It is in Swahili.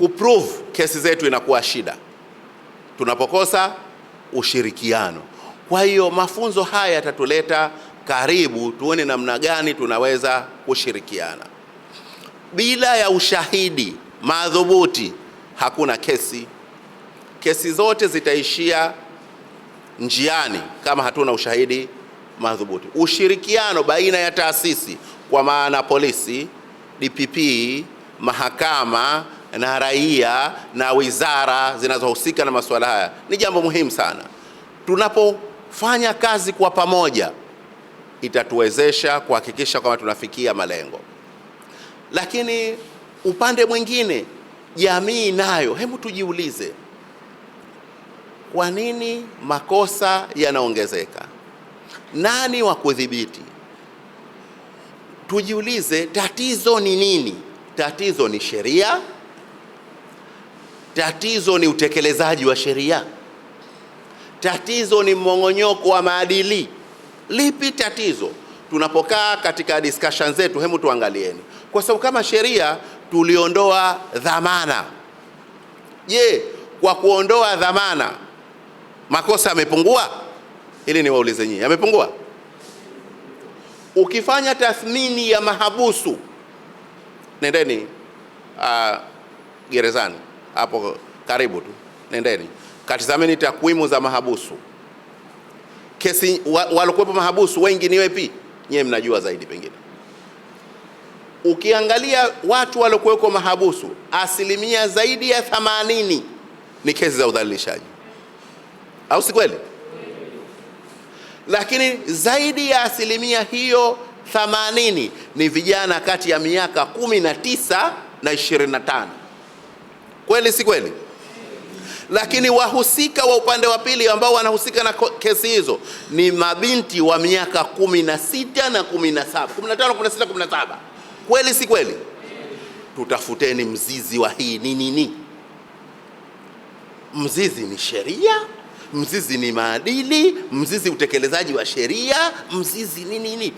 kuprove kesi zetu inakuwa shida tunapokosa ushirikiano. Kwa hiyo mafunzo haya yatatuleta karibu, tuone namna gani tunaweza kushirikiana. Bila ya ushahidi madhubuti hakuna kesi. Kesi zote zitaishia njiani kama hatuna ushahidi madhubuti. Ushirikiano baina ya taasisi, kwa maana polisi, DPP, mahakama na raia na wizara zinazohusika na masuala haya ni jambo muhimu sana. Tunapofanya kazi kwa pamoja, itatuwezesha kuhakikisha kwamba tunafikia malengo. Lakini upande mwingine, jamii nayo, hebu tujiulize, kwa nini makosa yanaongezeka? Nani wa kudhibiti? Tujiulize, tatizo ni nini? Tatizo ni sheria Tatizo ni utekelezaji wa sheria, tatizo ni mmong'onyoko wa maadili. Lipi tatizo? Tunapokaa katika discussion zetu, hemu tuangalieni, kwa sababu kama sheria tuliondoa dhamana. Je, kwa kuondoa dhamana makosa yamepungua? Ili ni waulize nyinyi, yamepungua? Ukifanya tathmini ya mahabusu, nendeni uh, gerezani hapo karibu tu, nendeni katizameni takwimu za mahabusu kesi wa, walikuwepo mahabusu wengi ni wepi? Nyewe mnajua zaidi pengine. Ukiangalia watu waliokuwekwa mahabusu, asilimia zaidi ya 80 ni kesi za udhalilishaji, au si kweli? Lakini zaidi ya asilimia hiyo 80 ni vijana kati ya miaka 19 na 25. Kweli si kweli? Lakini wahusika wa upande wa pili ambao wanahusika na kesi hizo ni mabinti wa miaka 16 na 17, 15, 16, Kweli si kweli? Tutafuteni mzizi wa hii ni nini? Mzizi ni sheria, mzizi ni maadili, mzizi utekelezaji wa sheria, mzizi ni nini?